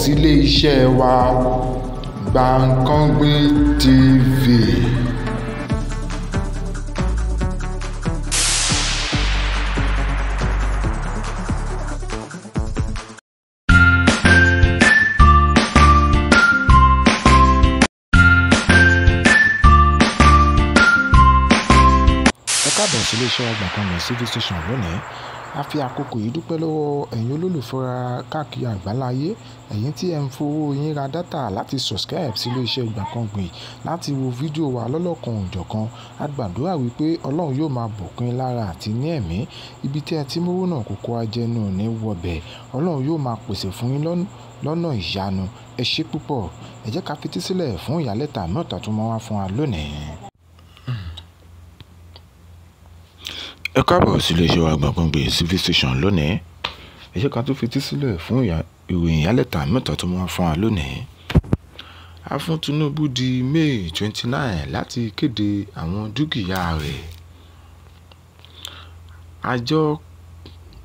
sílé iṣẹ́ wa Gbankanbi TV. káàbọ̀ sílé iṣẹ́ Gbankanbi TV station lónìí a fi àkókò yìí dúpẹ́ lọ́wọ́ ẹ̀yin olólùfẹ́ wa káàkiri àgbáláyé ẹ̀yin tí ẹ ń fowó yín ra dátà láti subscribe sí iléeṣẹ́ Gbankanbi láti wo fídíò wa lọ́lọ́kan òjọ̀kan a gbàdúrà wípé ọlọ́run yóò máa bùkún lára àti ní ẹ̀mí ibi tí ẹ ti mówó náà kókó ajẹnu ní wọbẹ̀ ọlọ́run yóò máa pèsè fún yín lọ́nà ìyanu ẹ ṣé púpọ̀ ẹ jẹ́ ká fetí sílẹ̀ fún ìyálẹ́ta ẹ káàbọ̀ sí iléeṣẹ́ wa Gbangbangbe civil station lónìí ẹ jẹ́ ká tún fetí sílẹ̀ fún ìròyìn ìyálẹ̀ta mẹ́ta tó máa fún wa lónìí. a fún Tinubu di May twenty nine láti kéde àwọn dúkìá rẹ̀. àjọ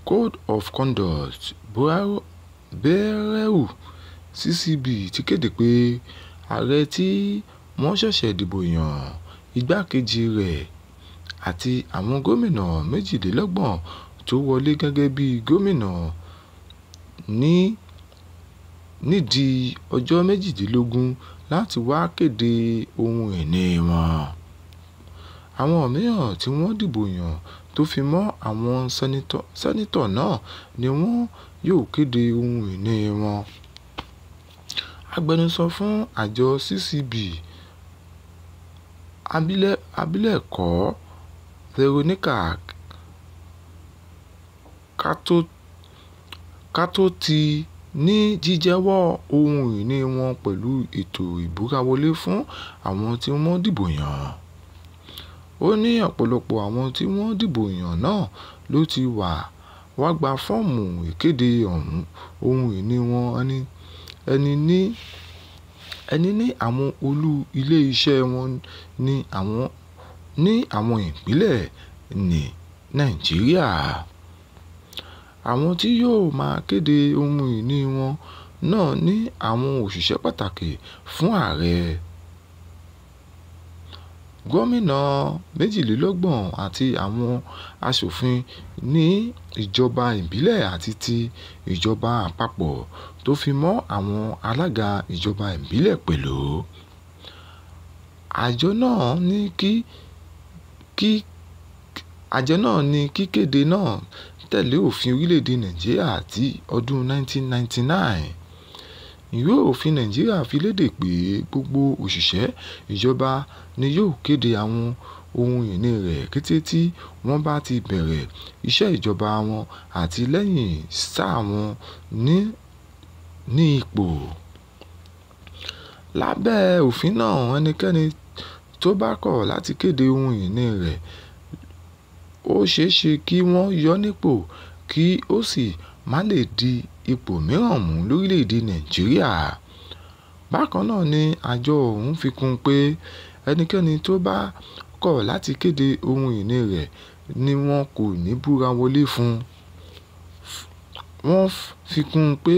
Code of Conduct bẹ̀rẹ̀wù CCB ti kéde pé ààrẹ tí wọ́n ṣẹ̀ṣẹ̀ dìbò yàn igbákejì rẹ̀ àti àwọn gómìnà méjìlélọ́gbọ̀n tó wọlé gẹ́gẹ́ bí gómìnà nídìí ọjọ́ méjìdínlógún láti wá kéde ohun ìní wọn. Àwọn mìíràn tí wọ́n dìbò yàn tó fi mọ́ àwọn sẹ́nitọ̀ náà ni wọn yóò kéde ohun ìní wọn. Agbẹnusọ fún àjọ CCB, abilékọ Veronica Kyato ti ní jíjẹ́wọ́ ohun ìní wọn pẹ̀lú ètò ìbúrawọlé fún àwọn tí wọ́n dìbò yàn. Ó ní ọ̀pọ̀lọpọ̀ àwọn tí wọ́n dìbò yàn náà ló ti wá gba fọ́ọ̀mù ìkéde ohun ìní wọn. Ẹni ní àwọn olú ilé iṣẹ́ wọn ní àwọn ní àwọn ìpínlẹ̀ ní Nàìjíríà. Àwọn tí yóò máa kéde ohun ìní wọn náà ní àwọn òṣìṣẹ́ pàtàkì fún ààrẹ. Gómìnà méjìlélọ́gbọ̀n àti àwọn aṣòfin ní ìjọba ìbílẹ̀ àti ti ìjọba àpapọ̀ tó fi mọ́ àwọn alága ìjọba ìbílẹ̀ pẹ̀lú. Àjọ náà ní kí Àjọ náà ní kíkéde náà tẹ̀lé òfin orílẹ̀-èdè Nàìjíríà ti ọdún 1999. Ìwé òfin Nàìjíríà fi léde pé gbogbo òṣìṣẹ́ ìjọba ni yóò kéde àwọn ohun ìní rẹ̀ kété tí wọ́n bá ti bẹ̀rẹ̀ iṣẹ́ ìjọba wọn àti lẹ́yìn sáà wọn ní ipò. Lábẹ́ òfin náà, ẹnikẹ́ni tó bá kọ̀ láti kéde ohun ìní rẹ̀, ó ṣeéṣe kí wọ́n yọ ọ́ nípò kí ó sì má leè di ipò mìíràn mú lórílẹ̀-èdè Nàìjíríà. Bákan náà ni àjọ ọ̀hún fi kún un pé ẹnikẹ́ni tó bá kọ̀ láti kéde ohun ìní rẹ̀ ni wọn kò ní búra wọlé fún un. Wọ́n fi kún un pé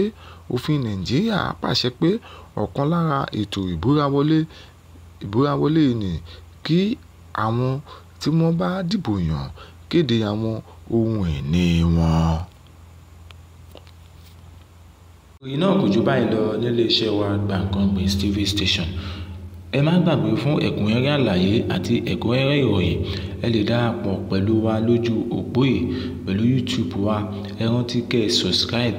òfin Nàìjíríà pàṣẹ pé ọ̀kan lára ètò ìbúrawọlé ìbúra wọlé ni kí àwọn tí wọ́n bá dìbò yàn kéde àwọn ohun ìní wọn. Ìròyìn náà kò ju báyìí lọ nílé wa Gbankanbi TV station. Ẹ má gbàgbé fún ẹ̀kúnrẹ́rẹ́ àlàyé àti ẹ̀kúnrẹ́rẹ́ ìròyìn, ẹ lè darapọ̀ pẹ̀lú wa lójú òpó yìí pẹ̀lú YouTube wa. Ẹ rántí kí ẹ subscribe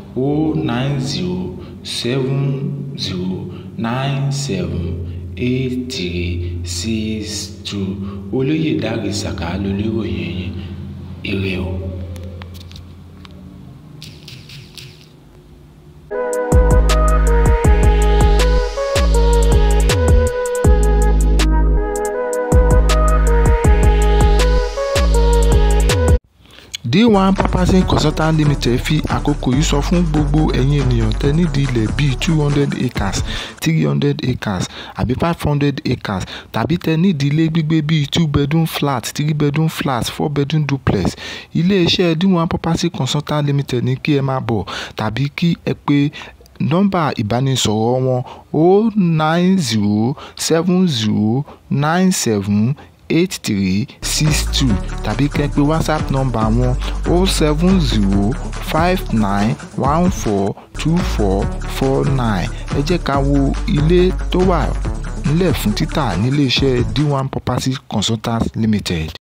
o nine zero seven zero nine seven eight three six two olóyèdárì sàká lolóròyìn yín ire o D1 Purchasing Consultant Limited fi àkókò yìí sọ fún gbogbo ẹ̀yin ènìyàn tẹ́ nídìí ilẹ̀ bíi two hundred acres three hundred acres àbí five hundred acres tàbí tẹ́ nídìí ilé gbígbé bíi two bedroom flat three bedroom flat four bedroom duplex ilé-iṣẹ́ D1 Purchasing Consultant Limited ní kí ẹ máa bọ̀ tàbí kí ẹ pé nọ́mbà ìbánisọ̀rọ̀ wọn o oh nine zero seven zero nine seven eight three six two tàbí kẹ́pẹ́ whatsapp number wọn o oh seven zero five nine one four two four four nine ẹ jẹ́ ká wo ilé tó wà nílẹ̀ fún títà níléeṣẹ́ d one property consultants limited.